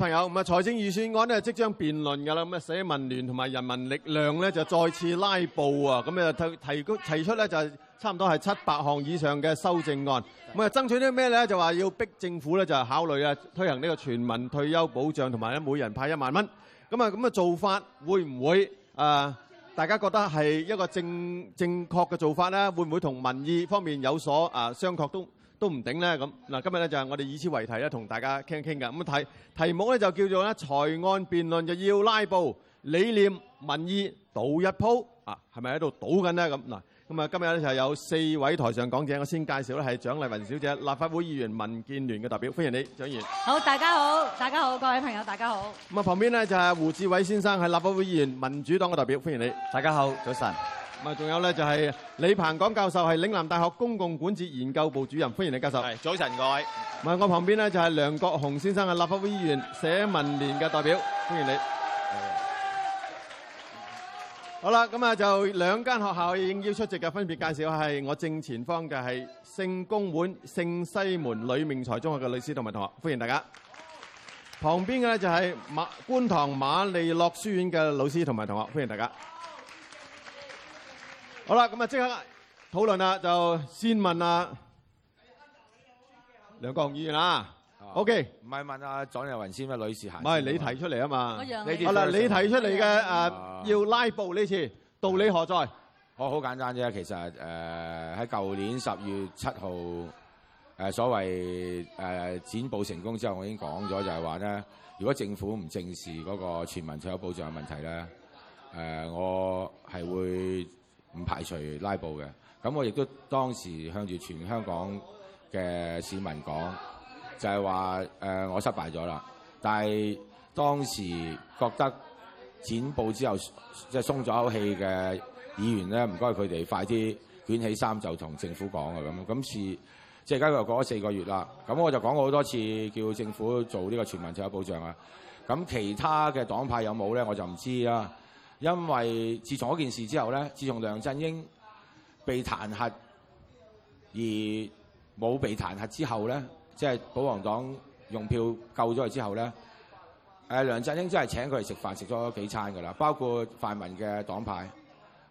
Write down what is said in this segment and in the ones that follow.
朋友，財財政預算案即將辯論㗎啦，咁啊，社民連同埋人民力量呢就再次拉布啊，咁啊提出呢就差唔多係七百項以上嘅修正案，咁啊爭取啲咩呢？就話要逼政府呢就考慮推行呢個全民退休保障同埋每人派一萬蚊，咁啊咁嘅做法會唔會、呃、大家覺得係一個正，正確嘅做法呢？會唔會同民意方面有所相、呃、確都唔頂咧咁嗱，今日咧就係我哋以此為題咧，同大家傾一傾嘅咁睇題目咧就叫做咧財案辯論就要拉布，理念民意賭一鋪啊，係咪喺度賭緊咧咁嗱？咁啊今日咧就有四位台上講者，我先介紹咧係蔣麗芸小姐，立法會議員，民建聯嘅代表，歡迎你，蔣議員。好，大家好，大家好，各位朋友，大家好。咁啊，旁邊咧就係胡志偉先生，係立法會議員，民主黨嘅代表，歡迎你。大家好，早晨。咪仲有咧，就係李彭廣教授，係嶺南大學公共管治研究部主任，歡迎你教授。係早晨，各位。我旁邊咧就係梁國雄先生，嘅立法會議員、社民聯嘅代表，歡迎你。好啦，咁啊就兩間學校應邀邀出席嘅，分別介紹係我正前方嘅係聖公會、聖西門呂明才中學嘅老師同埋同學，歡迎大家。好旁邊嘅咧就係馬觀塘瑪利諾書院嘅老師同埋同學，歡迎大家。好啦，咁啊即刻討論啦，就先問啊梁國雄議員啦。OK，唔係問啊蔣麗芸先啊，女士行。唔係你提出嚟啊嘛？係啦、啊，你提出嚟嘅要拉布呢次，道理何在？我好簡單啫，其實喺舊、呃、年十月七號、呃、所謂誒、呃、展布成功之後，我已經講咗就係話咧，如果政府唔正視嗰個全民退休保障嘅問題咧、呃，我係會。唔排除拉布嘅，咁我亦都當時向住全香港嘅市民講，就係話誒我失敗咗啦。但係當時覺得剪布之後即係鬆咗口氣嘅議員咧，唔該佢哋快啲捲起衫就同政府講啊咁。今次即係而家又過咗四個月啦。咁我就講過好多次叫政府做呢個全民退休保障啊。咁其他嘅黨派有冇咧，我就唔知啦。因為自從嗰件事之後咧，自從梁振英被彈劾而冇被彈劾之後咧，即係保皇黨用票救咗佢之後咧，誒梁振英真係請佢哋食飯食咗幾餐㗎啦，包括泛民嘅黨派，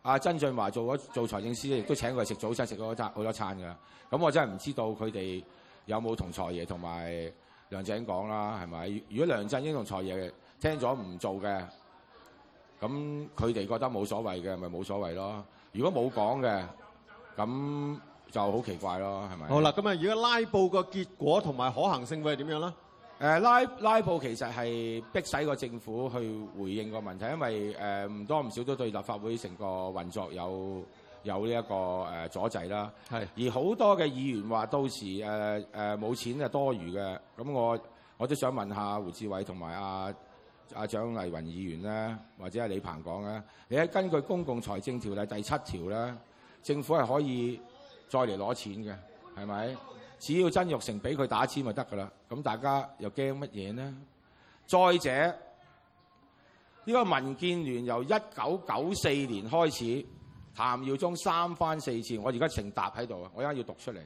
阿、啊、曾俊華做咗做財政司亦都請佢哋食早餐食咗餐好多餐㗎，咁我真係唔知道佢哋有冇同財爺同埋梁振英講啦，係咪？如果梁振英同財爺聽咗唔做嘅？咁佢哋覺得冇所謂嘅，咪冇所謂咯。如果冇講嘅，咁就好奇怪咯，係咪？好啦，咁啊，而家拉布個結果同埋可行性會係點樣咧？誒，拉拉布其實係逼使個政府去回應個問題，因為誒、呃、唔多唔少都對立法會成個運作有有呢、這、一個誒、呃、阻滯啦。係。而好多嘅議員話到時誒、呃呃、冇錢就多餘嘅，咁我我都想問下胡志偉同埋阿……阿蔣麗芸議員啦，或者阿李彭廣啦，你喺根據公共財政條例第七條咧，政府係可以再嚟攞錢嘅，係咪？只要曾鈺成俾佢打籤咪得噶啦，咁大家又驚乜嘢呢？再者，呢個民建聯由一九九四年開始，譚耀宗三番四次，我而家成沓喺度啊，我而家要讀出嚟。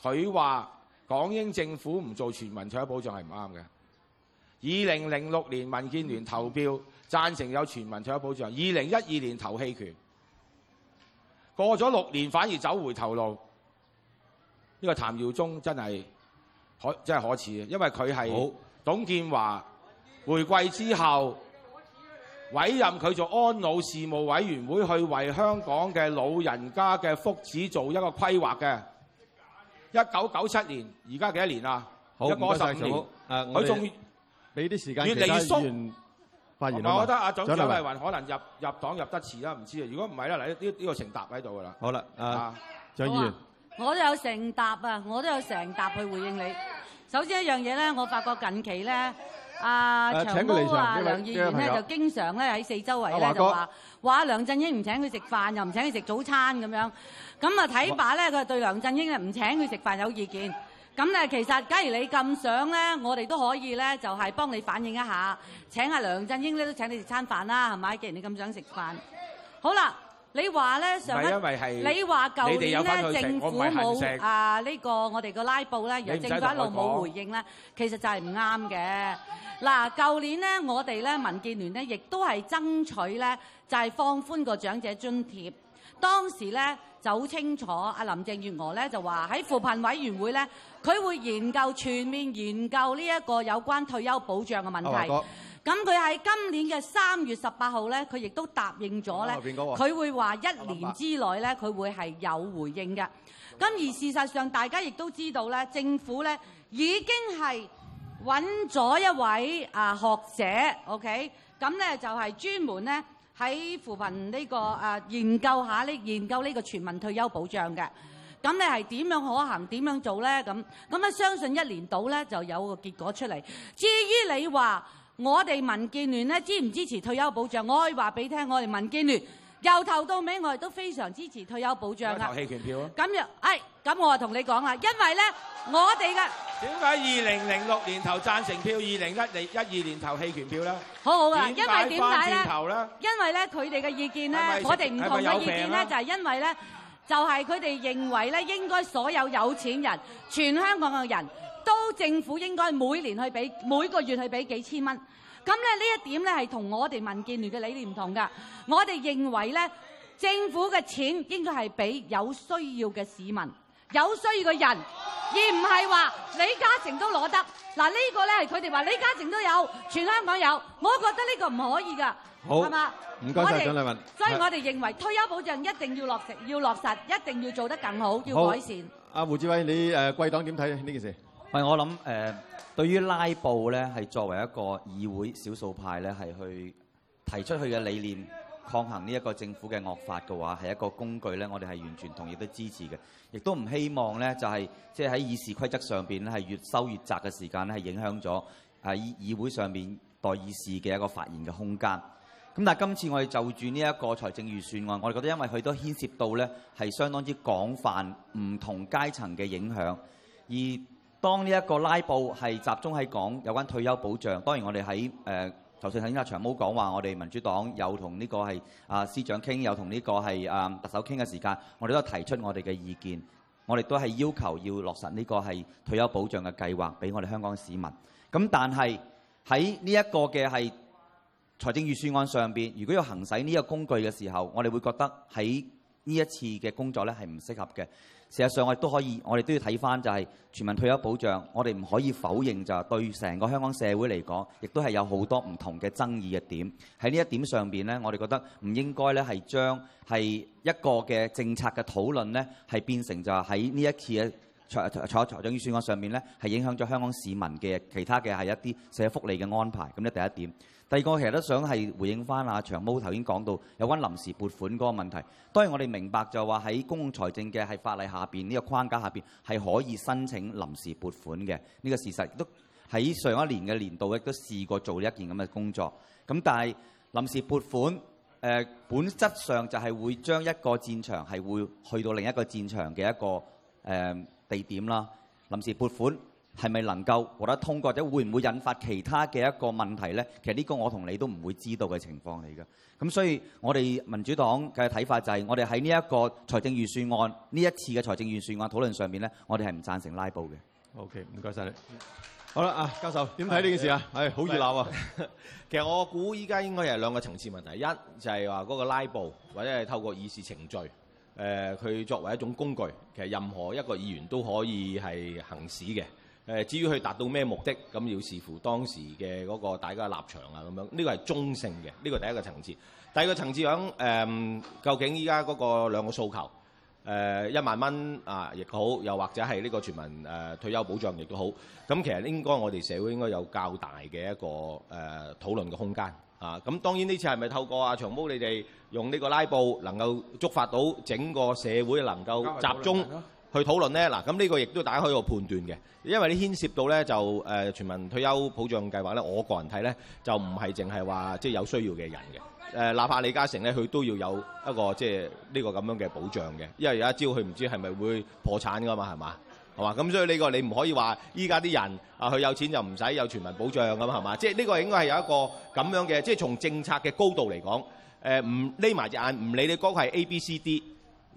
佢話港英政府唔做全民退休保障係唔啱嘅。二零零六年民建聯投票贊成有全民退休保障，二零一二年投棄權，過咗六年反而走回頭路，呢個譚耀宗真係可真係可恥，因為佢係董建華回歸之後委任佢做安老事務委員會，去為香港嘅老人家嘅福祉做一個規劃嘅。一九九七年，而家幾多年啊？一過十五年，佢仲。還俾啲時間其他議員發言啦。我覺得阿總蔣麗芸可能入入黨入得遲啦，唔知啊。如果唔係咧，嗱呢呢個成答喺度噶啦。好啦，啊，蔣議員，我都有成答啊，我都有成答去回應你。首先一樣嘢咧，我發覺近期咧，阿長毛啊、梁議員咧就經常咧喺四周圍咧就話，話梁振英唔請佢食飯，又唔請佢食早餐咁樣。咁啊睇法咧，佢對梁振英啊唔請佢食飯有意見。咁咧，其實假如你咁想咧，我哋都可以咧，就係幫你反映一下，請阿梁振英咧都請你食餐飯啦，係咪？既然你咁想食飯，好啦，你話咧上一，因為係你話舊年咧，政府冇啊呢個我哋個拉布咧，而政府一路冇回應咧，其實就係唔啱嘅。嗱，舊年咧，我哋咧民建聯咧，亦都係爭取咧，就係放寬個長者津貼，當時咧。搞清楚，阿林鄭月娥咧就話喺扶貧委員會咧，佢會研究全面研究呢一個有關退休保障嘅問題。咁佢喺今年嘅三月十八號咧，佢亦都答應咗咧，佢、oh, 會話一年之內咧，佢 got 會係有回應嘅。咁、oh, 而事實上，大家亦都知道咧，政府咧已經係揾咗一位啊學者，OK，咁咧就係、是、專門咧。喺扶貧呢個啊研究下呢研究呢個全民退休保障嘅，咁你係點樣可行？點樣做咧？咁咁啊相信一年到咧就有個結果出嚟。至於你話我哋民建聯咧支唔支持退休保障？我可以話俾你聽，我哋民建聯由頭到尾我哋都非常支持退休保障啊！投棄權票啊！咁又係。咁我就同你講啦，因為呢我哋嘅點解二零零六年投贊成票，二零一零一二年投棄權票呢？好好啊，因為點解呢？因為呢佢哋嘅意見呢，我哋唔同嘅意見呢，就係因為呢，就係佢哋認為呢，應該所有有錢人，全香港嘅人都政府應該每年去俾，每個月去俾幾千蚊。咁呢呢一點呢係同我哋民建聯嘅理念唔同噶。我哋認為呢，政府嘅錢應該係俾有需要嘅市民。有需要嘅人，而唔係話李嘉誠都攞得。嗱、啊，這個、呢個咧係佢哋話李嘉誠都有，全香港有。我覺得呢個唔可以噶，係嘛好？唔該晒蔣麗芸。所以我哋認為退休保障一定要落實，要落實，一定要做得更好，好要改善。阿、啊、胡志偉，你誒貴黨點睇呢件事？係我諗誒、呃，對於拉布咧，係作為一個議會少數派咧，係去提出去嘅理念。抗衡呢一個政府嘅惡法嘅話，係一個工具呢，我哋係完全同意都支持嘅，亦都唔希望呢就係即係喺議事規則上邊咧係越收越窄嘅時間咧，係影響咗喺議會上面代議士嘅一個發言嘅空間。咁但係今次我哋就住呢一個財政預算案，我哋覺得因為佢都牽涉到呢係相當之廣泛唔同階層嘅影響，而當呢一個拉布係集中喺講有關退休保障，當然我哋喺誒。呃頭先喺阿長毛講話，我哋民主黨有同呢個係啊司長傾，有同呢個係啊特首傾嘅時間，我哋都提出我哋嘅意見，我哋都係要求要落實呢個係退休保障嘅計劃俾我哋香港市民。咁但係喺呢一個嘅係財政預算案上邊，如果要行使呢個工具嘅時候，我哋會覺得喺呢一次嘅工作呢係唔適合嘅。事實上我亦都可以，我哋都要睇翻就係、是、全民退休保障，我哋唔可以否認就係對成個香港社會嚟講，亦都係有好多唔同嘅爭議嘅點。喺呢一點上邊呢，我哋覺得唔應該呢係將係一個嘅政策嘅討論呢，係變成就係喺呢一次嘅財財政預算案上面呢，係影響咗香港市民嘅其他嘅係一啲社會福利嘅安排。咁呢，第一點。第二個其實都想係回應翻阿長毛頭先講到有關臨時撥款嗰個問題。當然我哋明白就係話喺公共財政嘅係法例下邊呢個框架下邊係可以申請臨時撥款嘅呢個事實。都喺上一年嘅年度亦都試過做呢一件咁嘅工作。咁但係臨時撥款誒，本質上就係會將一個戰場係會去到另一個戰場嘅一個誒地點啦。臨時撥款。係咪能夠獲得通過，或者會唔會引發其他嘅一個問題呢？其實呢個我同你都唔會知道嘅情況嚟㗎。咁所以，我哋民主黨嘅睇法就係，我哋喺呢一個財政預算案呢一次嘅財政預算案討論上面呢，我哋係唔贊成拉布嘅。O.K.，唔該晒你。好啦，阿、啊、教授點睇呢件事啊？係好熱鬧啊！ 其實我估依家應該係兩個層次問題，一就係話嗰個拉布，或者係透過議事程序，誒、呃、佢作為一種工具，其實任何一個議員都可以係行使嘅。誒至於去達到咩目的，咁要視乎當時嘅嗰個大家立場啊，咁樣呢、這個係中性嘅，呢、這個第一個層次。第二個層次響、嗯、究竟依家嗰個兩個訴求、呃，一萬蚊啊，亦好，又或者係呢個全民、呃、退休保障，亦都好。咁其實應該我哋社會應該有較大嘅一個誒討論嘅空間啊。咁當然呢次係咪透過阿、啊、長毛你哋用呢個拉布，能夠觸發到整個社會能夠集中、啊？去討論呢，嗱咁呢個亦都大家可以個判斷嘅，因為你牽涉到呢，就誒、呃、全民退休保障計劃呢，我個人睇呢，就唔係淨係話即係有需要嘅人嘅，誒、呃、哪怕李嘉誠呢，佢都要有一個即係呢個咁樣嘅保障嘅，因為有一朝佢唔知係咪會破產噶嘛，係嘛？係嘛，咁所以呢個你唔可以話依家啲人啊，佢有錢就唔使有全民保障咁係嘛？即係呢個應該係有一個咁樣嘅，即、就、係、是、從政策嘅高度嚟講，誒唔匿埋隻眼，唔理你嗰、那個係 A、B、C、D。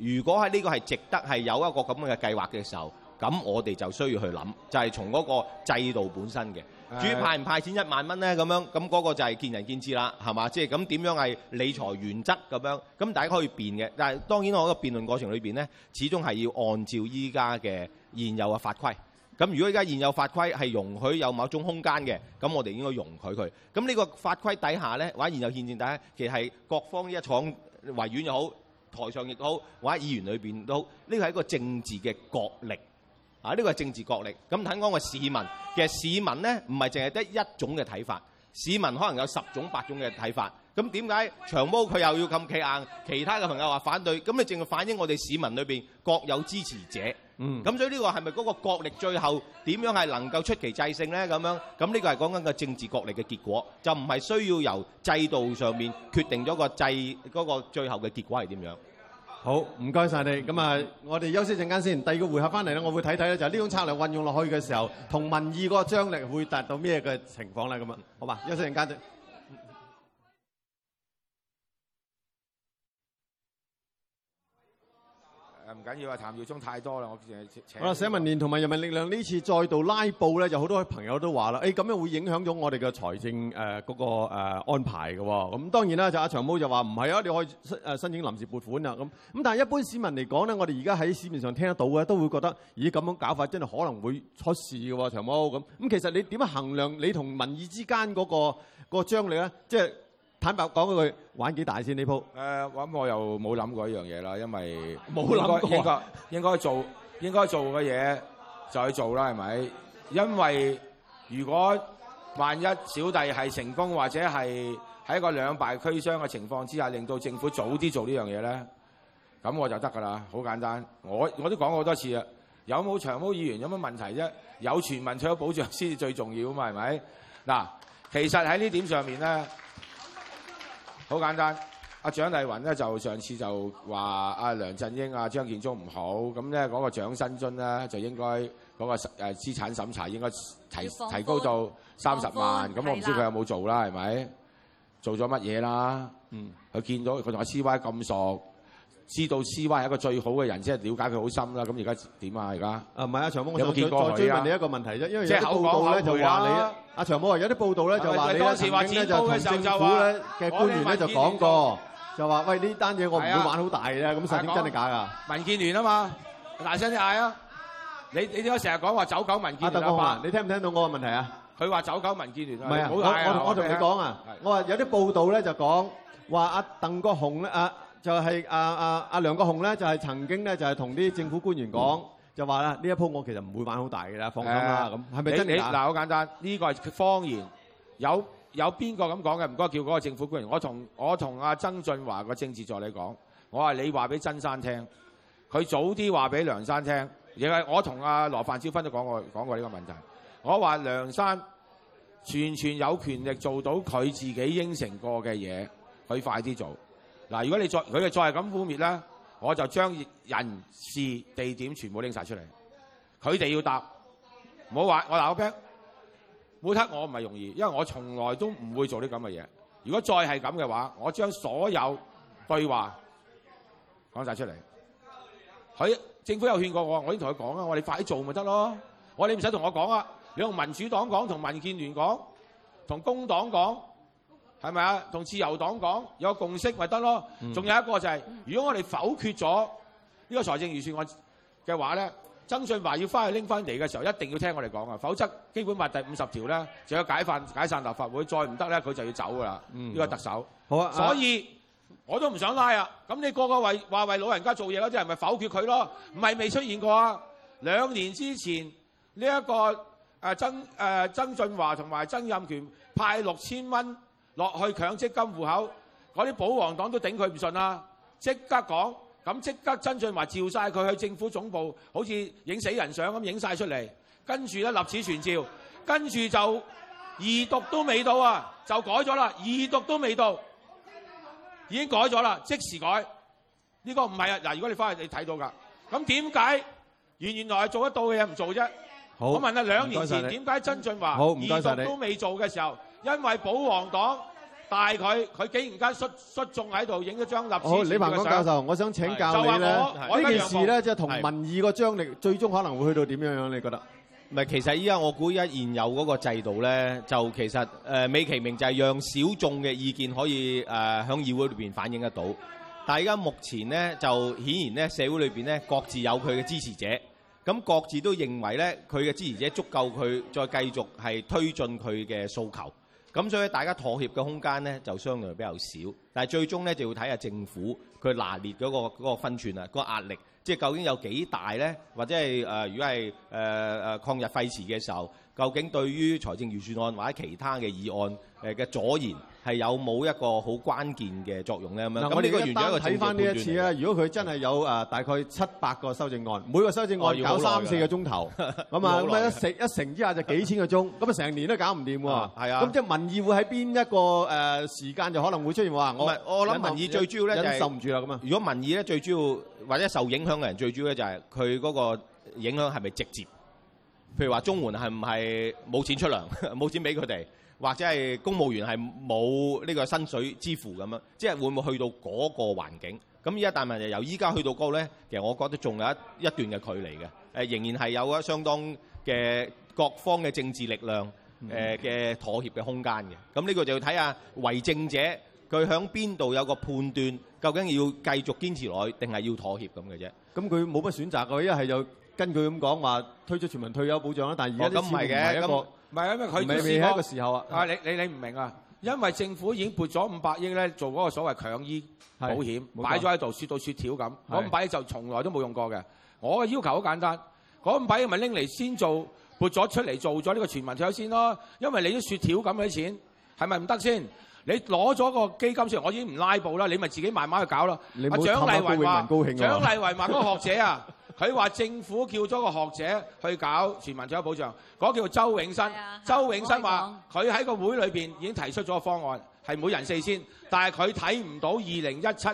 如果喺呢個係值得係有一個咁嘅計劃嘅時候，咁我哋就需要去諗，就係從嗰個制度本身嘅，至於派唔派錢一萬蚊咧，咁樣，咁、那、嗰個就係見仁見智啦，係嘛？即係咁點樣係理財原則咁樣，咁大家可以辯嘅。但係當然我個辯論過程裏邊咧，始終係要按照依家嘅現有嘅法規，咁如果依家現有法規係容許有某種空間嘅，咁我哋應該容許佢。咁呢個法規底下咧，或者現有憲政底下，其實係各方呢一廠維園又好。台上亦好，或者議員裏面都好，呢個係一個政治嘅角力，啊，呢個係政治角力。咁坦講，個市民嘅市民咧，唔係淨係得一種嘅睇法，市民可能有十種、八種嘅睇法。咁點解長毛佢又要咁企硬？其他嘅朋友話反對，咁你淨係反映我哋市民裏面各有支持者。嗯，咁所以呢個係咪嗰個國力最後點樣係能夠出奇制勝咧？咁樣，咁呢個係講緊個政治國力嘅結果，就唔係需要由制度上面決定咗個制嗰個最後嘅結果係點樣？好，唔該晒你。咁啊，我哋休息陣間先，第二個回合翻嚟咧，我會睇睇咧，就係呢種策略運用落去嘅時候，同民意嗰個張力會達到咩嘅情況咧？咁樣，好吧，休息陣間。唔緊要啊，譚耀宗太多啦，我淨係請。好啦，社民連同埋人民力量呢次再度拉布咧，有好多朋友都話啦，誒、欸、咁樣會影響咗我哋嘅財政誒嗰、呃那個、呃、安排嘅。咁、嗯、當然啦，就阿、啊、長毛就話唔係啊，你可以誒申請臨時撥款啊。咁、嗯、咁但係一般市民嚟講咧，我哋而家喺市面上聽得到嘅，都會覺得咦咁、欸、樣搞法真係可能會出事嘅喎，長毛咁。咁、嗯、其實你點樣衡量你同民意之間嗰、那個嗰、那個張力咧？即係。坦白講句，玩幾大先呢鋪？誒、呃，咁、嗯、我又冇諗過一樣嘢啦，因為冇諗過啊！應該應該做應該做嘅嘢再做啦，係咪？因為如果萬一小弟係成功，或者係喺個兩敗俱傷嘅情況之下，令到政府早啲做呢樣嘢咧，咁我就得㗎啦。好簡單，我我都講過好多次啦。有冇長毛議員有乜問題啫？有全民退休保障先至最重要啊嘛，係咪？嗱，其實喺呢點上面咧。好簡單，阿蔣麗芸咧就上次就話阿梁振英、阿張建宗唔好，咁咧講個蔣新津咧就應該講個資產審查應該提提高到三十萬，咁我唔知佢有冇做啦，係咪？做咗乜嘢啦？嗯，佢見到佢同阿 C Y 咁熟。知道施威係一個最好嘅人，即係瞭解佢好深啦。咁而家點啊？而家啊，唔係啊，長毛，我再再追問你一個問題啫。因為有啲報道咧就話你，阿長毛話有啲報道咧就話你咧曾經咧就同政府咧嘅官員咧就講過，就話喂呢單嘢我唔會玩好大嘅，咁實點真係假㗎？民建聯啊嘛，大聲啲嗌啊！你你點解成日講話走狗民建聯啊？你聽唔聽到我嘅問題啊？佢話走狗民建聯，唔係啊！我我同你講啊，我話有啲報道咧就講話阿鄧國雄咧啊。就係阿阿阿梁國雄咧，就係、是、曾經咧，就係同啲政府官員講，嗯、就話啦，呢一鋪我其實唔會玩好大嘅啦，放心啦。咁係咪真係？嗱，好簡單，呢、這個係謊言。有有邊個咁講嘅？唔該，叫嗰個政府官員。我同我同阿、啊、曾俊華個政治助理講，我話你話俾曾生聽，佢早啲話俾梁生聽，亦係我同阿、啊、羅范椒芬都講過講過呢個問題。我話梁生完全有權力做到佢自己應承過嘅嘢，佢快啲做。嗱，如果你再佢哋再係咁污蔑咧，我就將人事地點全部拎曬出嚟。佢哋要答，唔好話我鬧佢。每刻我唔係容易，因為我從來都唔會做啲咁嘅嘢。如果再係咁嘅話，我將所有對話講曬出嚟。佢政府有勸過我，我已經同佢講啦，我哋快啲做咪得咯。我哋唔使同我講啊，你同民主黨講，同民建聯講，同工黨講。係咪啊？同自由黨講有共識，咪得咯。仲有一個就係、是，如果我哋否決咗呢個財政預算案嘅話咧，曾俊華要翻去拎翻嚟嘅時候，一定要聽我哋講啊！否則基本法第五十條咧，就有解散解散立法會，再唔得咧，佢就要走噶啦。呢、嗯、個特首，好啊、所以我都唔想拉啊！咁你個個為話為老人家做嘢嗰啲人，咪否決佢咯？唔係未出現過啊？兩年之前呢一、這個誒、呃、曾誒、呃、曾俊華同埋曾蔭權派六千蚊。落去強積金戶口，嗰啲保皇黨都頂佢唔順啦！即刻講，咁即刻曾俊華召晒佢去政府總部，好似影死人相咁影晒出嚟，跟住咧立此存照，跟住就二讀都未到啊，就改咗啦！二讀都未到，已經改咗啦，即時改。呢個唔係啊，嗱如果你翻去你睇到㗎，咁點解原原來做得到嘅嘢唔做啫？好，我問下兩年前點解曾俊華二讀都未做嘅時候，因為保皇黨。但係佢佢竟然間率率眾喺度，影咗張立柱嚟嘅相。好，李彭廣教授，我想請教你咧，呢件事咧即係同民意個張力，最終可能會去到點樣樣？你覺得？唔係，其實依家我估依家現有嗰個制度咧，就其實誒美其名就係讓小眾嘅意見可以誒喺議會裏邊反映得到。但係依家目前咧就顯然咧社會裏邊咧各自有佢嘅支持者，咁各自都認為咧佢嘅支持者足夠佢再繼續係推進佢嘅訴求，咁所以大家妥協嘅空間呢就相對比較少，但係最終呢就要睇下政府佢拿捏嗰、嗰個嗰個分寸啊，嗰個壓力即係究竟有幾大呢？或者係、呃、如果係、呃呃、抗日廢詞嘅時候，究竟對於財政預算案或者其他嘅議案嘅阻延？係有冇一個好關鍵嘅作用咧？咁、嗯、你咁呢個，完個，單睇翻呢一次咧、啊，如果佢真係有、呃、大概七百個修正案，每個修正案、哦、要搞三四個鐘頭，咁啊、 嗯，咁、嗯、一成一成之下就幾千個鐘，咁啊成年都搞唔掂喎。嗯、啊，咁即係民意會喺邊一個誒、呃、時間就可能會出現，話我諗民意最主要咧就係、是、受唔住啦咁啊。如果民意咧最主要或者受影響嘅人最主要咧就係佢嗰個影響係咪直接？譬如話中環係唔係冇錢出糧，冇錢俾佢哋？或者係公務員係冇呢個薪水支付咁樣，即係會唔會去到嗰個環境？咁依家大問就由依家去到嗰個度咧，其實我覺得仲有一一段嘅距離嘅。誒、呃，仍然係有一相當嘅各方嘅政治力量誒嘅、呃、妥協嘅空間嘅。咁呢個就要睇下為政者佢響邊度有個判斷，究竟要繼續堅持落去定係要妥協咁嘅啫。咁佢冇乜選擇嘅，一係就根據咁講話推出全民退休保障啦。但係而家啲錢唔係一個。唔係，因為佢做司機嘅時候啊，啊你你你唔明啊？因為政府已經撥咗五百億咧，做嗰個所謂強醫保險擺咗喺度，雪到雪條咁，嗰五百億就從來都冇用過嘅。我嘅要求好簡單，嗰五百億咪拎嚟先做撥咗出嚟做咗呢個全民搶先咯。因為你都雪條咁嘅錢，係咪唔得先？你攞咗個基金先，我已經唔拉布啦，你咪自己慢慢去搞咯。你冇氹下高永文高興喎。蔣麗芸話：嗰個學者啊。 佢話政府叫咗個學者去搞全民退休保障，嗰、那個、叫周永新。的周永新話佢喺個會裏邊已經提出咗方案，係每人四千，但係佢睇唔到二零一七。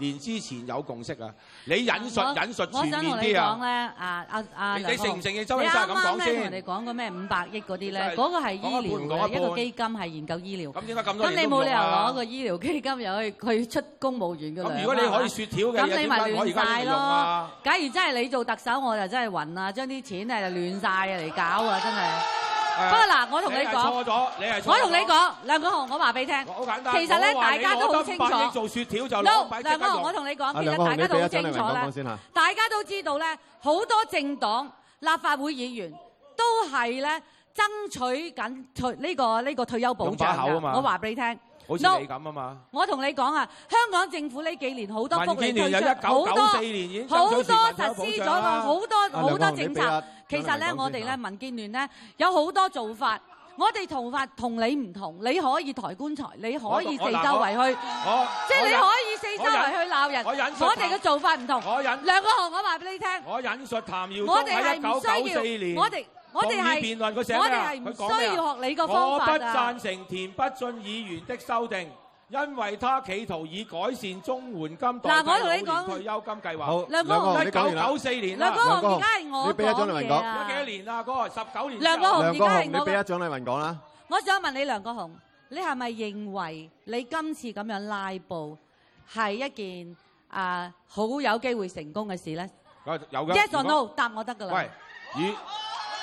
年之前有共識啊！你引述引述全面啲啊！我想同你講咧啊啊啊！你承唔承認周偉珊咁講先？啱啱咩同你講個咩五百億嗰啲咧？嗰個係醫療一個基金係研究醫療。咁點解咁多年都冇啊？咁你冇理由攞個醫療基金入去，佢出公務員嘅糧啊！如果你可以雪條嘅，點解可以而家亂用啊？假如真係你做特首，我就真係暈啦！將啲錢咧就亂曬嚟搞啊！真係。不過嗱，我同你講，我同你講，梁國雄，我話俾你聽，其實咧大家都好清楚。梁國雄，我同你講，其實大家都好清楚咧。啊、大家都知道咧，好多政黨立法會議員都係咧爭取緊退呢個呢、這個、退休保障啊嘛，我話俾你聽。好似你咁啊嘛！我同你講啊，香港政府呢幾年好多福利推出，民建聯有一九九四年已開始反對保障啦。實施咗好多好多政策，其實咧，我哋咧，民建聯咧，有好多做法。我哋做法同你唔同，你可以抬棺材，你可以四周圍去，即係你可以四周圍去鬧人。我引述，我哋嘅做法唔同。我引兩個項，我話俾你聽。我引述譚耀宗喺一九九四年。我哋係，我哋係唔需要學你個方法。我不贊成田北俊議員的修訂，因為他企圖以改善綜援金嗱，我同你講退休金計劃。好，梁國雄，九四年。有那個、梁國雄、那個，而家係我嘅時間。你幾多年啊？個十九年。梁國雄，而家係我。你俾阿蔣麗芸講啦。我想問你，梁國雄，你係咪認為你今次咁樣拉布係一件啊好、uh, 有機會成功嘅事咧？有噶。Yes or no？答我得噶啦。喂，咦？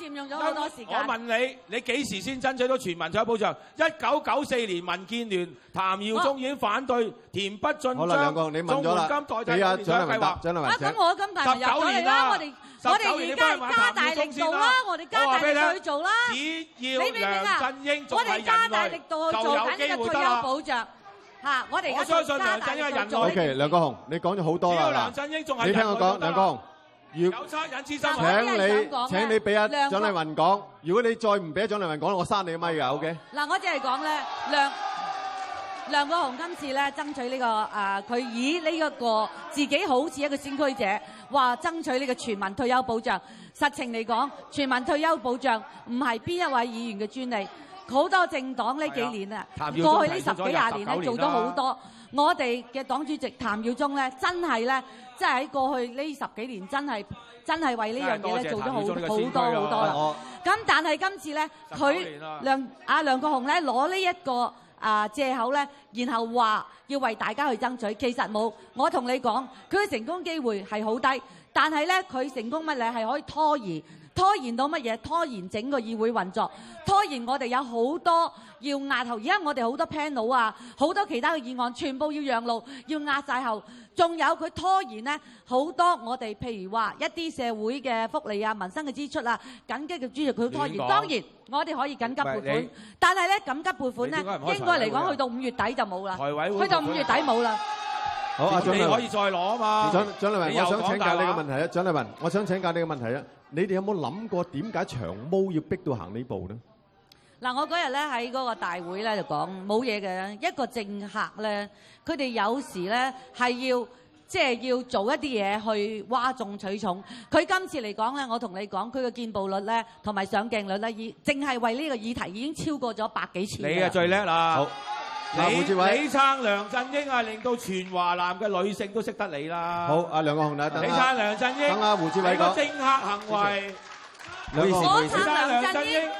佔用咗好多時間。我問你，你幾時先爭取到全民退休保障？一九九四年民建聯譚耀宗已經反對，田北俊。好啦，梁國雄，你問咗啦。你啊，張立文答。張立文答。咁我今日又講嚟啦，我哋我哋而家加大力度啦，我哋加大力度去做啦。只要梁振英仲係在內，就有機會有保障。嚇！我哋而家加大力度去做。我相信梁振英係人，梁國雄，你講咗好多啦。你聽我講，梁國雄。如，請你請你俾阿蔣麗芸講，如果你再唔俾蔣麗芸講，我刪你咪啊！好嘅。嗱，我只係講咧，梁梁國雄今次咧爭取呢個誒，佢以呢一個自己好似一個先驅者，話爭取呢個全民退休保障。實情嚟講，全民退休保障唔係邊一位議員嘅專利，好多政黨呢幾年啊，年過去呢十幾廿年咧、啊、做咗好多。我哋嘅黨主席譚耀宗咧，真係咧。即係喺過去呢十幾年真，真係真係為呢樣嘢咧做咗好好多好多啦。咁、啊、但係今次咧，佢梁阿梁，梁國雄咧攞呢一、這個啊借口咧，然後話要為大家去爭取，其實冇。我同你講，佢嘅成功機會係好低，但係咧佢成功乜嘢係可以拖延。拖延到乜嘢？拖延整個議會運作，拖延我哋有好多要壓後。而家我哋好多 panel 啊，好多其他嘅議案，全部要讓路，要壓晒後。仲有佢拖延呢，好多我哋譬如話一啲社會嘅福利啊、民生嘅支出啊，緊急嘅主席。佢拖延。說當然我哋可以緊急撥款，但係你咧緊急撥款咧，啊、應該嚟講去到五月底就冇啦。去到五月底冇啦。好啊、你可以再攞啊嘛！蔣蔣麗芸，我想請教呢個問題啊，蔣麗芸，我想請教呢個問題啊，你哋有冇諗過點解長毛要逼到行呢步呢？嗱、啊，我嗰日咧喺嗰個大會咧就講冇嘢嘅，一個政客咧，佢哋有時咧係要即係、就是、要做一啲嘢去嘩眾取寵。佢今次嚟講咧，我同你講，佢嘅見報率咧同埋上鏡率咧，已淨係為呢個議題已經超過咗百幾次。你係最叻啦！好你你撐梁振英啊，令到全華南嘅女性都識得你啦。好，啊，梁國雄，你撐梁振英。等阿胡志偉。你個政客行為，唔好意思我撐梁振英。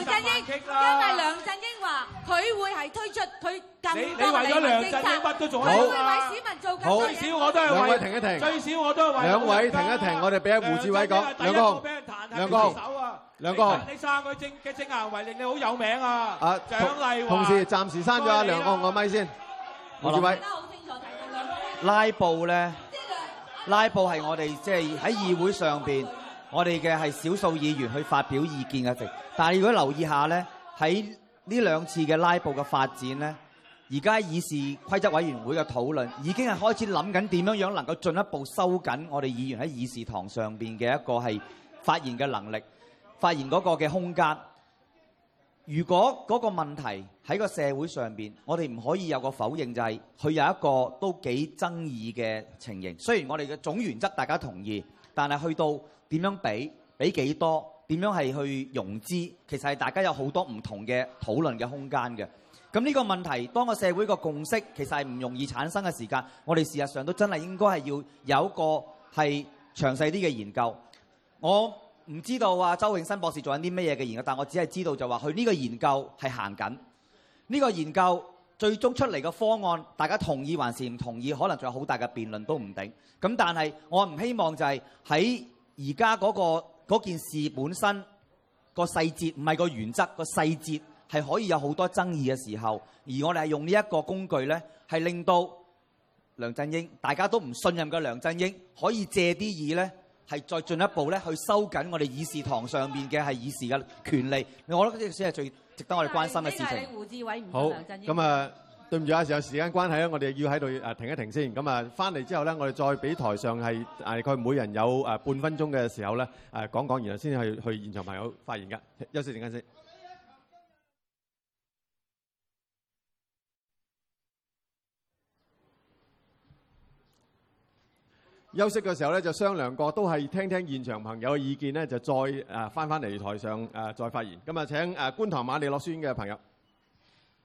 梁振英，因為梁振英話佢會係推出佢更加正義政策，佢會為市民做更多嘢。最少我都係為停一停，最少我都係為兩位停一停。我哋俾阿胡志偉講，兩個，兩個，兩個。你散佢政嘅政行為令你好有名啊！啊，蔣麗芸，同時暫時刪咗阿梁國雄個咪先。胡志偉，拉布咧，拉布係我哋即係喺議會上邊。我哋嘅係少數議員去發表意見嘅，但係如果留意下呢，喺呢兩次嘅拉布嘅發展呢，而家議事規則委員會嘅討論已經係開始諗緊點樣樣能夠進一步收緊我哋議員喺議事堂上邊嘅一個係發言嘅能力、發言嗰個嘅空間。如果嗰個問題喺個社會上邊，我哋唔可以有個否認，就是，就係佢有一個都幾爭議嘅情形。雖然我哋嘅總原則大家同意，但係去到。點樣俾？俾幾多？點樣係去融資？其實大家有好多唔同嘅討論嘅空間嘅。咁呢個問題，當個社會個共識其實係唔容易產生嘅時間，我哋事實上都真係應該係要有一個係詳細啲嘅研究。我唔知道話周永新博士做緊啲咩嘢嘅研究，但我只係知道就話佢呢個研究係行緊。呢個研究最終出嚟嘅方案，大家同意還是唔同意，可能仲有好大嘅辯論都唔定。咁但係我唔希望就係喺。而家嗰件事本身，個細節唔係個原則，個細節係可以有好多爭議嘅時候，而我哋係用呢一個工具咧，係令到梁振英、大家都唔信任嘅梁振英，可以借啲意咧，係再進一步咧去收緊我哋議事堂上邊嘅係議事嘅權利。我覺得呢啲先係最值得我哋關心嘅事情。係胡志偉，唔好好咁啊！對唔住啊，由於時間關係咧，我哋要喺度誒停一停先。咁啊，翻嚟之後咧，我哋再俾台上係大概每人有誒半分鐘嘅時候咧，誒講講然後先去去現場朋友發言㗎。休息陣間先。休息嘅時候咧，就商量過，都係聽聽現場朋友嘅意見咧，就再誒翻翻嚟台上誒再發言。咁啊，請誒觀塘馬利諾書院嘅朋友。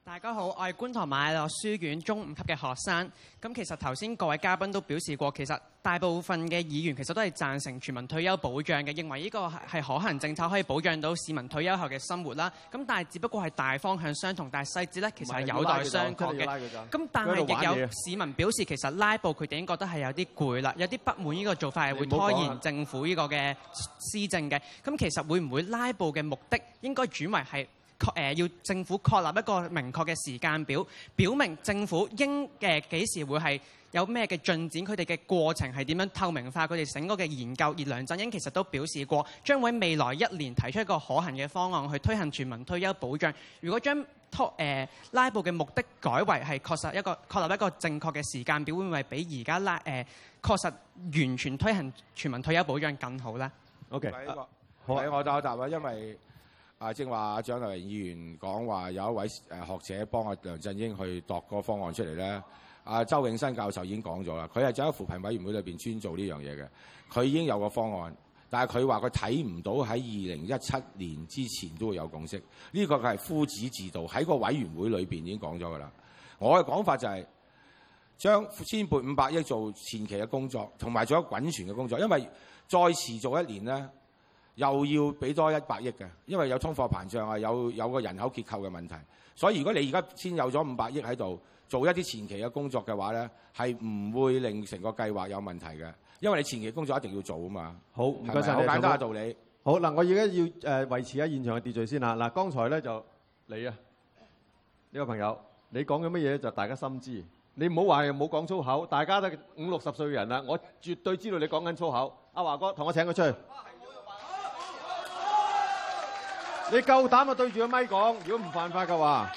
大家好，我係觀塘瑪利諾書院中五級嘅學生。咁其實頭先各位嘉賓都表示過，其實大部分嘅議員其實都係贊成全民退休保障嘅，認為呢個係可行政策，可以保障到市民退休後嘅生活啦。咁但係只不過係大方向相同，但係細節呢其實係有待商榷嘅。咁但係亦有市民表示，其實拉布佢哋已經覺得係有啲攰啦，有啲不滿呢個做法係會拖延政府呢個嘅施政嘅。咁其實會唔會拉布嘅目的應該轉為係？確誒、呃、要政府確立一個明確嘅時間表，表明政府應誒幾、呃、時會係有咩嘅進展，佢哋嘅過程係點樣透明化，佢哋整個嘅研究。而梁振英其實都表示過，將會未來一年提出一個可行嘅方案去推行全民退休保障。如果將拖誒、呃、拉布嘅目的改為係確實一個確立一個正確嘅時間表，會唔會比而家拉誒確實完全推行全民退休保障更好呢？OK、呃、好，我答一答啊，因為。啊，正話啊，蔣麗芸議員講話有一位誒學者幫阿梁振英去度個方案出嚟咧。阿、啊、周永新教授已經講咗啦，佢係喺扶貧委員會裏邊專做呢樣嘢嘅，佢已經有個方案，但係佢話佢睇唔到喺二零一七年之前都會有共識。呢、這個佢係夫子自道喺個委員會裏邊已經講咗㗎啦。我嘅講法就係、是、將千撥五百億做前期嘅工作，同埋做一個滾船嘅工作，因為再持續一年咧。又要俾多一百億嘅，因為有通貨膨脹啊，有有個人口結構嘅問題，所以如果你而家先有咗五百億喺度做一啲前期嘅工作嘅話咧，係唔會令成個計劃有問題嘅，因為你前期工作一定要做啊嘛。好唔該晒，你，好簡單嘅道理。好嗱，我而家要誒維持喺現場嘅秩序先嚇嗱。剛才咧就你啊呢個朋友，你講緊乜嘢就大家心知。你唔好話冇講粗口，大家都五六十歲嘅人啦，我絕對知道你講緊粗口。阿、啊、華哥，同我請佢出去。你夠膽就對咪對住個咪講，如果唔犯法嘅話。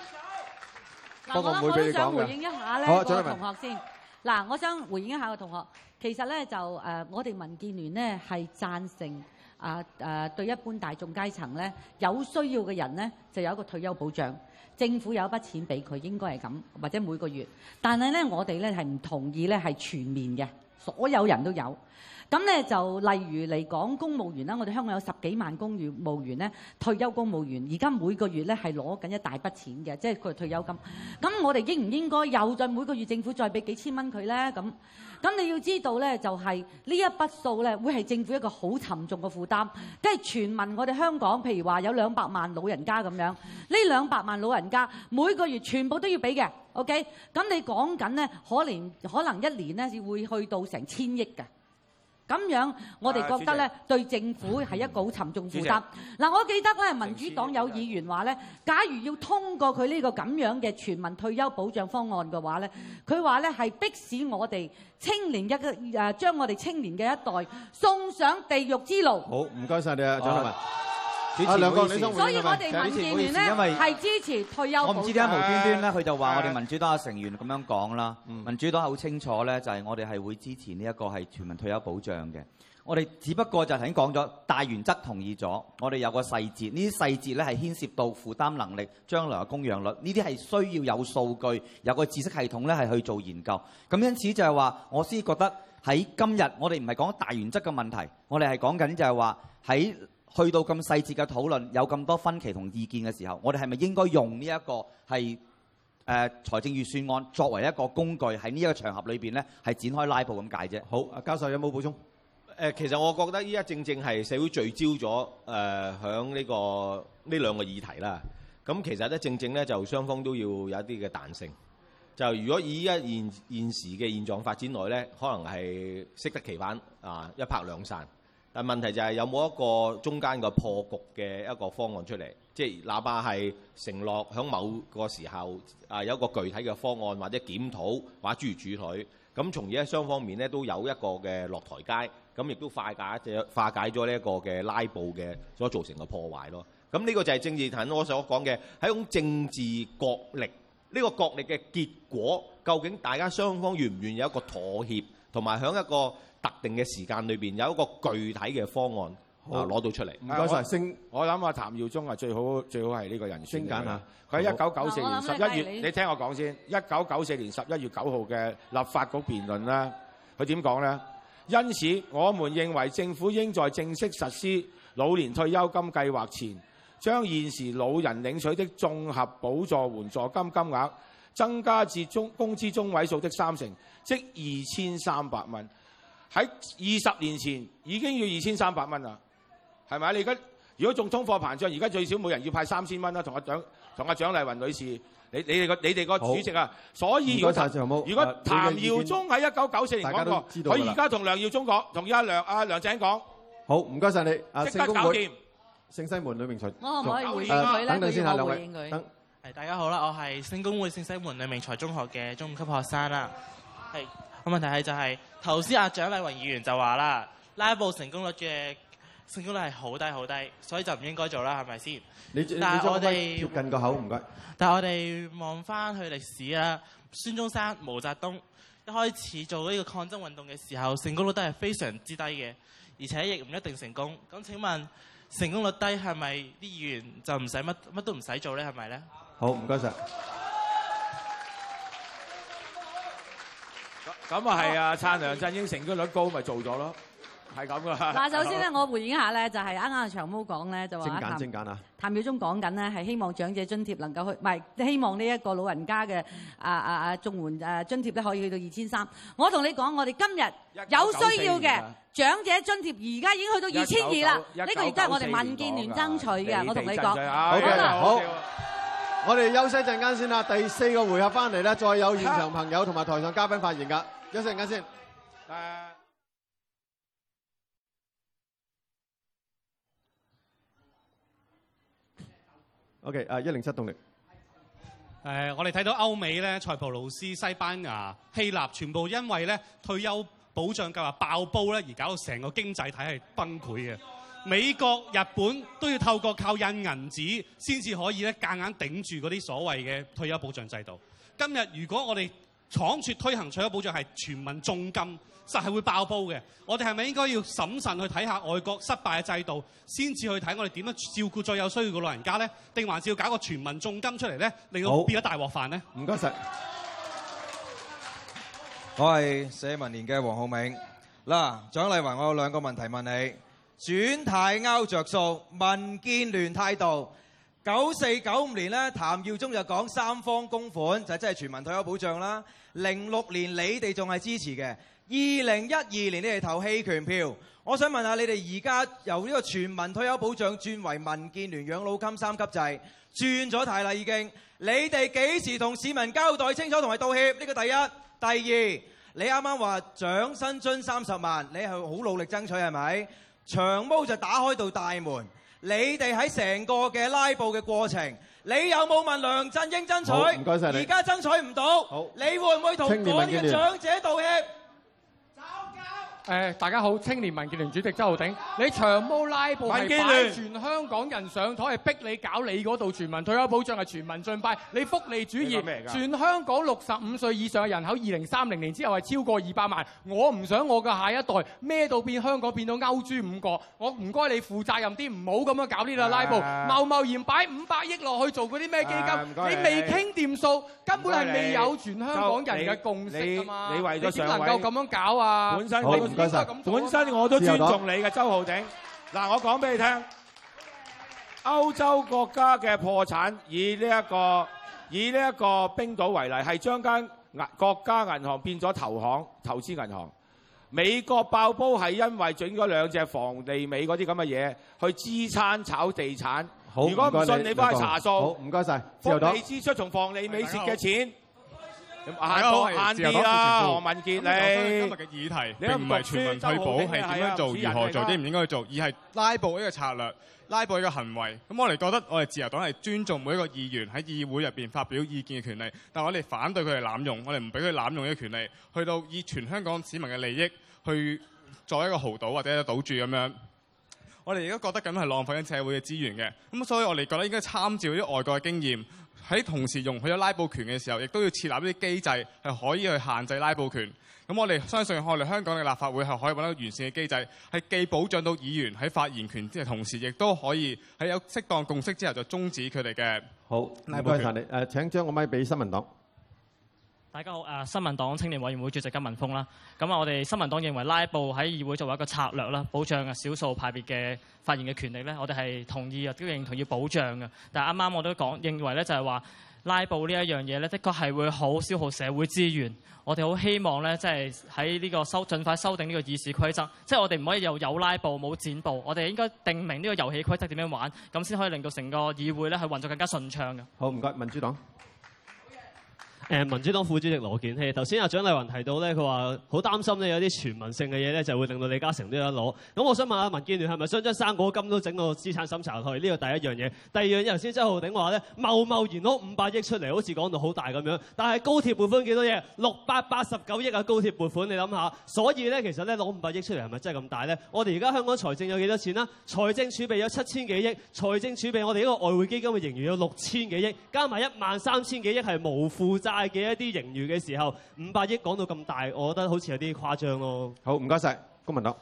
我想回應一下。不過我唔會俾你講嘅。好，同學先。嗱，我想回應一下個同學。其實咧就、呃、我哋民建聯咧係贊成啊、呃呃、對一般大眾階層咧有需要嘅人咧就有一個退休保障，政府有一筆錢俾佢，應該係咁，或者每個月。但係咧，我哋咧係唔同意咧係全面嘅，所有人都有。咁咧就例如嚟講，公務員啦，我哋香港有十幾萬公務員，公務員咧退休公務員，而家每個月咧係攞緊一大筆錢嘅，即係佢退休金。咁我哋應唔應該又再每個月政府再俾幾千蚊佢咧？咁咁你要知道咧，就係呢一筆數咧，會係政府一個好沉重嘅負擔。即係全民，我哋香港譬如話有兩百萬老人家咁樣，呢兩百萬老人家每個月全部都要俾嘅。OK，咁你講緊咧，可能可能一年咧會去到成千億㗎。咁樣我哋覺得咧對政府係一個好沉重負擔。嗱，我記得咧民主黨有議員話咧，假如要通過佢呢個咁樣嘅全民退休保障方案嘅話咧，佢話咧係迫使我哋青年一誒將我哋青年嘅一代送上地獄之路。好，唔該晒你啊，蔣麗芸。主持啊，兩個女生會嘅問題。支持，因為係支持退休保障。我唔知點解無端端咧，佢就話我哋民主黨嘅成員咁樣講啦。嗯、民主黨好清楚咧，就係、是、我哋係會支持呢一個係全民退休保障嘅。我哋只不過就頭先講咗大原則同意咗，我哋有個細節，呢啲細節咧係牽涉到負擔能力、將來嘅供養率，呢啲係需要有數據、有個知識系統咧係去做研究。咁因此就係話，我先覺得喺今日我哋唔係講大原則嘅問題，我哋係講緊就係話喺。去到咁細節嘅討論，有咁多分歧同意見嘅時候，我哋係咪應該用呢、這、一個係誒、呃、財政預算案作為一個工具喺呢一個場合裏邊呢係展開拉布咁解啫？好、啊，教授有冇補充、呃？其實我覺得依家正正係社會聚焦咗誒，響、呃、呢、這個呢兩個議題啦。咁其實呢，正正呢就雙方都要有一啲嘅彈性。就如果以依家現現，現時嘅現狀發展來呢，可能係適得其反啊，一拍兩散。但問題就係有冇一個中間個破局嘅一個方案出嚟，即係哪怕係承諾喺某個時候啊有一個具體嘅方案，或者檢討或者諸如此類，咁從而喺雙方面咧都有一個嘅落台階，咁亦都化解只化解咗呢一個嘅拉布嘅所造成嘅破壞咯。咁呢個就係政治層我所講嘅係一種政治角力，呢、這個角力嘅結果究竟大家雙方願唔願意有一個妥協，同埋喺一個。特定嘅時間裏邊有一個具體嘅方案啊，攞好到出嚟。唔該晒，星我諗阿譚耀宗啊，最好最好係呢個人選啊。佢喺一九九四年十一好月，行你，你聽我講先。一九九四年十一月九號嘅立法局辯論啦，佢點講呢？因此，我們認為政府應在正式實施老年退休金計劃前，將現時老人領取的綜合補助援助金金額增加至中工資中位數的三成，即二千三百蚊。喺二十年前已經要二千三百蚊啦，係咪啊？你而家如果仲通貨膨脹，而家最少每人要派三千蚊啦。同阿蔣，同阿蔣麗芸女士，你，你哋個你哋個主席啊，所以如果譚耀宗喺一九九四年講過，佢而家同梁耀宗講，好，同阿梁、啊、梁振英講。好，唔該晒你。即、啊、刻搞掂。聖西門女明才。我唔可以回應佢。等等先，兩位。大家好啦，我係聖公會聖西門女明才中學嘅中五級學生啦。個問題係就係頭先阿蔣麗芸議員就話啦，拉布成功率嘅成功率係好低好低，所以就唔應該做啦，係咪先？你但係我哋們貼近個口，唔該。但係我哋望翻去歷史啊，孫中山、毛澤東一開始做呢個抗爭運動嘅時候，成功率都係非常之低嘅，而且亦唔一定成功。咁請問，成功率低係咪啲議員就唔使乜乜都唔使做呢？係咪呢？好，唔該晒。咁啊，係啊！撐梁振英成功率高，咪做咗咯，係咁噶。嗱，首先咧，我回應下咧，就係啱啱阿長毛講咧，就話正簡正簡啊。譚耀宗講緊咧，係希望長者津貼能夠去，唔係希望呢一個老人家嘅啊啊啊綜援誒津貼咧可以去到二千三。我同你講，我哋今日有需要嘅長者津貼，而家已經去到二千二啦。呢個亦都係我哋民建聯爭取嘅，我同你講。好，好。我哋休息陣間先啦，第四個回合翻嚟呢，再有現場朋友同埋台上嘉賓發言噶。一陣間先。啊，OK，啊，一零七動力。誒，我哋睇到歐美咧、塞浦路斯、西班牙、希臘，全部因為咧退休保障計劃爆煲咧，而搞到成個經濟體系崩潰嘅。美國、日本都要透過靠印銀紙，先至可以咧夾硬頂住嗰啲所謂嘅退休保障制度。今日如果我哋倉卒推行退休保障係全民重金，實係會爆煲嘅。我哋係咪應該要審慎去睇下外國失敗嘅制度，先至去睇我哋點樣照顧最有需要嘅老人家咧？定還是要搞個全民重金出嚟咧？令到變咗大鑊飯咧？唔該晒。我係社民連嘅黃浩銘。嗱，蔣麗芸，我有兩個問題問你：轉軚勾着數，民建聯態度？九四九五年呢，譚耀宗就講三方供款就真係全民退休保障啦。零六年你哋仲係支持嘅，二零一二年你哋投棄權票。我想問下你哋而家由呢個全民退休保障轉為民建聯養老金三級制，轉咗題啦已經。你哋幾時同市民交代清楚同埋道歉？呢個第一，第二，你啱啱話獎薪津三十萬，你係好努力爭取係咪？長毛就打開道大門。你哋喺成個嘅拉布嘅過程，你有冇有問梁振英爭取？好，唔該曬你而家爭取唔到，好你會唔會同嗰啲長者道歉？誒、哎，大家好，青年民建聯主席周浩鼎，你長毛拉布係擺全香港人上枱，係逼你搞你嗰度全民退休保障係全民盡拜。你福利主義，全香港六十五歲以上嘅人口二零三零年之後係超過二百萬，我唔想我嘅下一代孭到變香港變到歐豬五個，我唔該你負責任啲，唔好咁樣搞呢個拉布，貿貿然擺五百億落去做嗰啲咩基金，啊、你，你未傾掂數，根本係未有全香港人嘅共識噶嘛，你點能夠咁樣搞啊？本身好。本身我都尊重你嘅周浩鼎，嗱，我講畀你聽，歐洲國家嘅破產以、呢一個，以呢一個冰島為例，係將間國家銀行變咗投行投資銀行，美國爆煲係因為整咗兩隻房地美 𠮶 啲噉嘅嘢去支撐炒地產，好如果唔信你你查，你幫佢查數，唔該晒，你支出，從房地美蝕嘅錢。係，都係自由黨黃敏傑，啊、部我你、嗯、我今日嘅議題並唔係全民退保係點樣做、如何做，應唔在應該做，而係拉布呢個策略、拉布呢個行為。咁我哋覺得，我哋自由黨係尊重每一個議員喺議會入邊發表意見嘅權利，但係我哋反對佢哋濫用，我哋唔俾佢濫用呢個權利，去到以全香港市民嘅利益去作一個豪賭或者一個賭注咁樣。我哋而家覺得咁係浪費緊社會嘅資源嘅，咁所以我哋覺得應該參照啲外國嘅經驗。喺同時容許拉布權嘅時候，亦都要設立一啲機制係可以去限制拉布權。咁我哋相信我哋香港嘅立法會係可以搵到完善嘅機制，係既保障到議員喺發言權之，同時亦都可以喺有適當共識之後就終止佢哋嘅拉布。好，唔該曬你。誒，請將個麥俾新民黨。大家好，誒，新民黨青年委員會主席金文峰啦。咁啊，我哋新民黨認為拉布喺議會作為一個策略啦，保障啊少數派別嘅發言嘅權利，咧，我哋係同意啊，都認同要保障嘅。但係啱啱我都講，認為咧就係話拉布呢一樣嘢咧，的確係會好消耗社會資源。我哋好希望咧，即係喺呢個修，儘快修訂呢個議事規則，即係我哋唔可以又有拉布冇剪布，我哋應該定明呢個遊戲規則點樣玩，咁先可以令到成個議會咧係運作更加順暢嘅。好，唔該，民主黨。誒民主黨副主席羅健熙，頭先阿蔣麗芸提到咧，佢話好擔心咧有啲全民性嘅嘢咧，就會令到李嘉誠都有得攞。咁我想問下民建聯係咪想將生果金都整到資產審查去？呢個第一樣嘢。第二樣嘢頭先周浩鼎話咧，貿貿然攞五百億出嚟，好似講到好大咁樣。但係高鐵撥款幾多嘢？六百八十九億啊，高鐵撥款你諗下。所以咧，其實咧攞五百億出嚟係咪真係咁大咧？我哋而家香港財政有幾多錢啦？財政儲備有七千幾億，財政儲備我哋呢個外匯基金嘅盈餘有六千幾億，加埋一萬三千幾億係無負債。帶嘅一啲盈餘嘅時候，五百億講到咁大，我覺得好似有啲誇張咯。好，唔該晒，公民黨，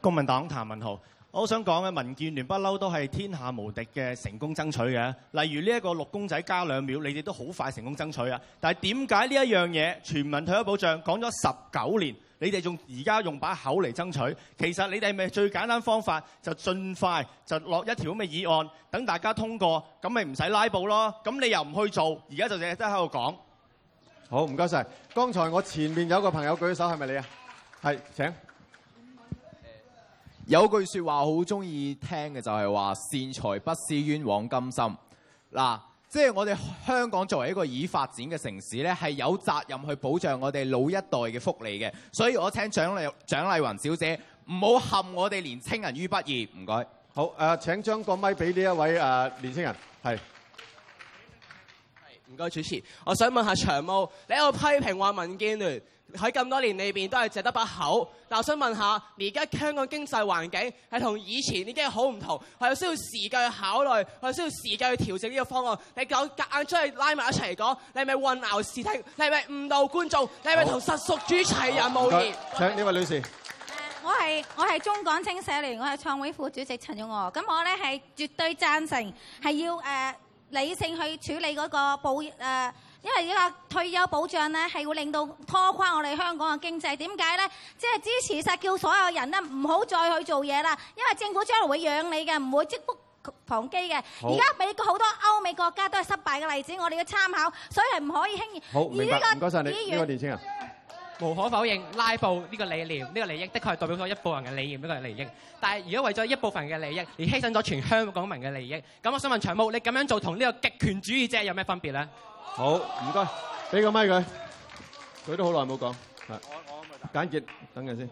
公民黨譚文豪，我想講嘅民建聯不嬲都係天下無敵嘅成功爭取嘅，例如呢一個六公仔加兩秒，你哋都好快成功爭取啊！但係點解呢一樣嘢全民退休保障講咗十九年，你哋仲而家用把口嚟爭取？其實你哋咪最簡單方法就盡快就落一條咁嘅議案，等大家通過，咁咪唔使拉布咯。咁你又唔去做，而家就淨係喺度講。好，唔該晒。剛才我前面有個朋友舉手，係咪你啊？係，請。有句説話好鍾意聽嘅就係話，善財不施冤枉金心。嗱、啊，即係我哋香港作為一個已發展嘅城市呢，係有責任去保障我哋老一代嘅福利嘅。所以我請蔣麗蔣麗芸小姐唔好陷我哋年青人於不義。唔該。好，誒、呃、請將個麥俾呢一位誒、呃、年青人，係。唔該，謝謝主持，我想問下長毛，你又批評話民建聯喺咁多年裏邊都係只得把口，嗱，我想問下，而家香港經濟環境係同以前已經好唔同，係需要時間去考慮，係需要時間去調整呢個方案。你講夾硬出去拉埋一齊講，你係咪混淆視聽？你係咪誤導觀眾？你係咪同實屬主持人無異？請呢位女士，呃、我係我係中港青社聯，我係創會副主席陳勇娥，咁我咧係絕對贊成，係要誒。呃理性去處理嗰個保誒、呃，因為呢個退休保障咧係會令到拖垮我哋香港嘅經濟。點解咧？即係支持實叫所有人咧唔好再去做嘢啦，因為政府將來會養你嘅，唔會積穀防饑嘅。而家好美國好多歐美國家都係失敗嘅例子，我哋要參考，所以係唔可以輕易。好，明白。唔該你，呢、這個年輕人。無可否認，拉布呢個理念、呢個利益，的確係代表咗一部分人嘅理念、呢個利益，理是利益。但係，如果為咗一部分嘅利益而犧牲咗全香港民嘅利益，咁我想問長毛，你噉樣做同呢個極權主義者有咩分別呢？好，唔該，俾個麥佢，佢都好耐冇講。我我咁咪簡潔，等陣先、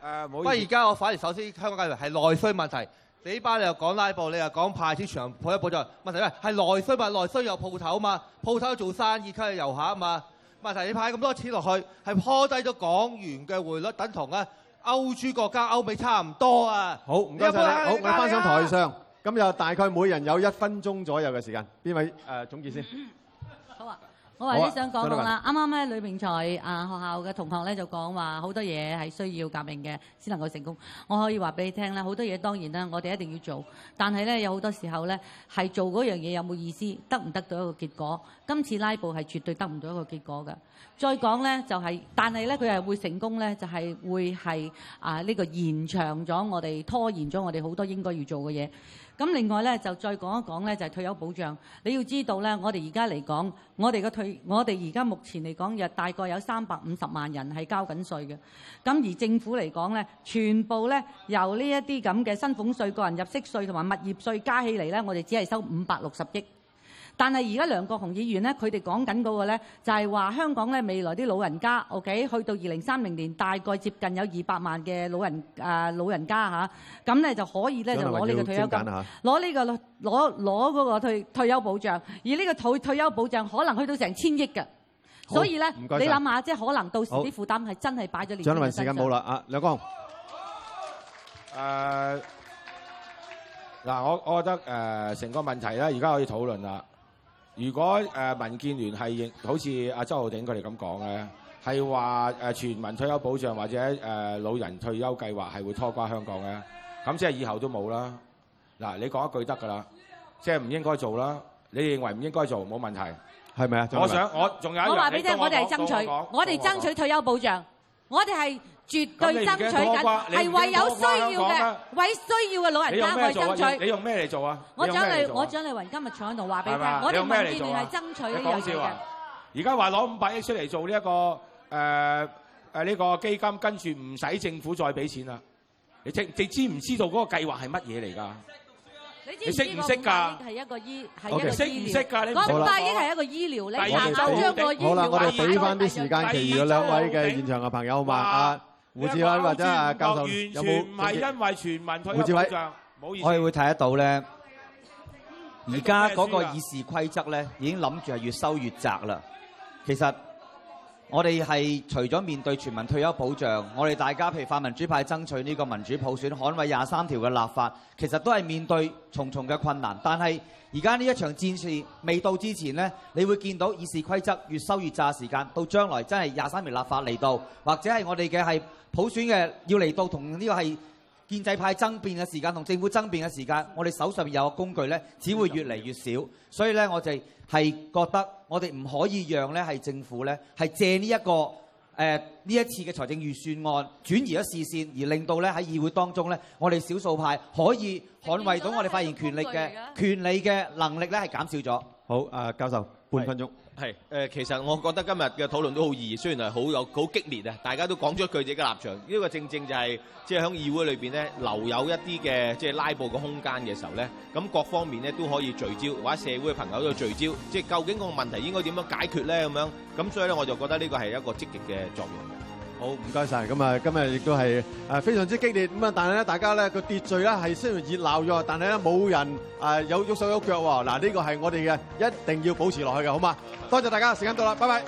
呃。不過而家我反而首先香港教育係內需問題。你呢班又講拉布，你又講派斥，全部一筆在。問題是係內需，但係內需有鋪頭嘛，鋪頭做生意吸引遊客嘛。問題，你派咁多錢落去，係拋低咗港元嘅匯率，等同啊歐洲國家歐美差唔多啊！好，唔該曬啦，好，我翻上台上，今日大概每人有一分鐘左右嘅時間，邊位誒、呃、總結先？啊、我話啲想講到啦，啱啱咧裏面才呂明才啊學校嘅同學咧就講話好多嘢係需要革命嘅先能夠成功。我可以話俾你聽啦，好多嘢當然啦，我哋一定要做。但係咧有好多時候咧係做嗰樣嘢有冇意思，得唔得到一個結果？今次拉布係絕對得唔到一個結果㗎。再講咧就係、是，但係咧佢係會成功咧，就係、是、會係啊呢、這個延長咗我哋，拖延咗我哋好多應該要做嘅嘢。咁另外呢就再講一講呢，就係退休保障。你要知道呢，我哋而家嚟講，我哋個退，我哋而家目前嚟講，大概有三百五十萬人係交緊稅嘅。咁而政府嚟講呢，全部呢，由呢一啲咁嘅薪俸稅、個人入息稅同埋物業稅加起嚟呢，我哋只係收五百六十億。但係而家梁國雄議員咧，佢哋講緊嗰個咧，就係、是、話香港咧未來啲老人家，OK，去到二零三零年大概接近有二百萬嘅老人啊老人家嚇，咁、啊、咧就可以咧如果 就攞呢個退休金，攞呢、這個攞攞攞嗰個退退休保障，而呢個退休這個退休保障可能去到成千億嘅，好所以咧謝謝 你諗下，即係可能到時啲負擔係好真係擺咗年長身上。蔣時間冇啦，啊，梁國雄，誒嗱，uh, 我我覺得誒成、uh, 個問題咧，而家可以討論啦。如果誒、呃、民建聯係好似阿周浩鼎佢哋咁講嘅，係話誒全民退休保障或者誒、呃、老人退休計劃係會拖垮香港嘅，咁即係以後都冇啦。嗱，你講一句得㗎啦，即係唔應該做啦。你認為唔應該做冇問題，係咪啊？我想我仲有一我話俾你聽，你我哋係爭取，我哋爭取退休保障。我哋係絕對爭取緊，係為有需要嘅的為需要嘅老人家去爭取。用你用咩嚟做啊？我你你用咩，啊，我將你我今日坐喺度話俾你聽，我哋冇意願係爭取嘅嘢嘅。而家話攞五百億出嚟做呢，這，一個誒誒呢個基金，跟住唔使政府再俾錢啦。你知你知唔知道嗰個計劃係乜嘢嚟㗎？你識唔識㗎？係一個唔識㗎？你醫療。好啦，你啦，我第二。好啦，我哋俾翻啲時間，其餘兩位嘅現場嘅朋友啊嘛，胡志偉或者教授有冇？胡志偉，我哋會睇得到咧。而家嗰個議事規則咧，已經諗住係越收越窄啦。其實。我哋係除咗面對全民退休保障，我哋大家譬如泛民主派爭取呢個民主普選、捍衞廿三條嘅立法，其實都係面對重重嘅困難。但係而家呢一場戰事未到之前呢，你會見到議事規則越收越窄時間，時間到將來真係廿三條立法嚟到，或者係我哋嘅係普選嘅要嚟到同呢個係建制派爭辯嘅時間，同政府爭辯嘅時間，我哋手上有嘅工具只會越嚟越少。所以呢，我就係覺得。我哋唔可以讓咧係政府咧係借呢一個呃呢一次嘅財政預算案轉移咗視線，而令到咧喺議會當中咧我哋少數派可以捍衛到我哋發言權力嘅權利嘅能力咧係減少咗。好，啊、呃，教授半分鐘係，誒，其實我覺得今日嘅討論都好易，雖然係好有好激烈啊！大家都講咗佢自己嘅立場，呢個正正就係即係喺議會裏邊咧，留有一啲嘅即係拉布嘅空間嘅時候咧，咁各方面咧都可以聚焦，或者社會嘅朋友都聚焦，即係究竟個問題應該點樣解決咧？咁樣，咁所以咧，我就覺得呢個係一個積極嘅作用嘅。好，唔該晒。咁啊，今日亦都係誒非常之激烈。咁啊，但係咧，大家咧個秩序咧係雖然熱鬧咗，但係咧冇人誒有喐手喐腳喎。嗱，呢個係我哋嘅一定要保持落去嘅，好嘛？好吧，多謝大家，時間到啦，拜拜。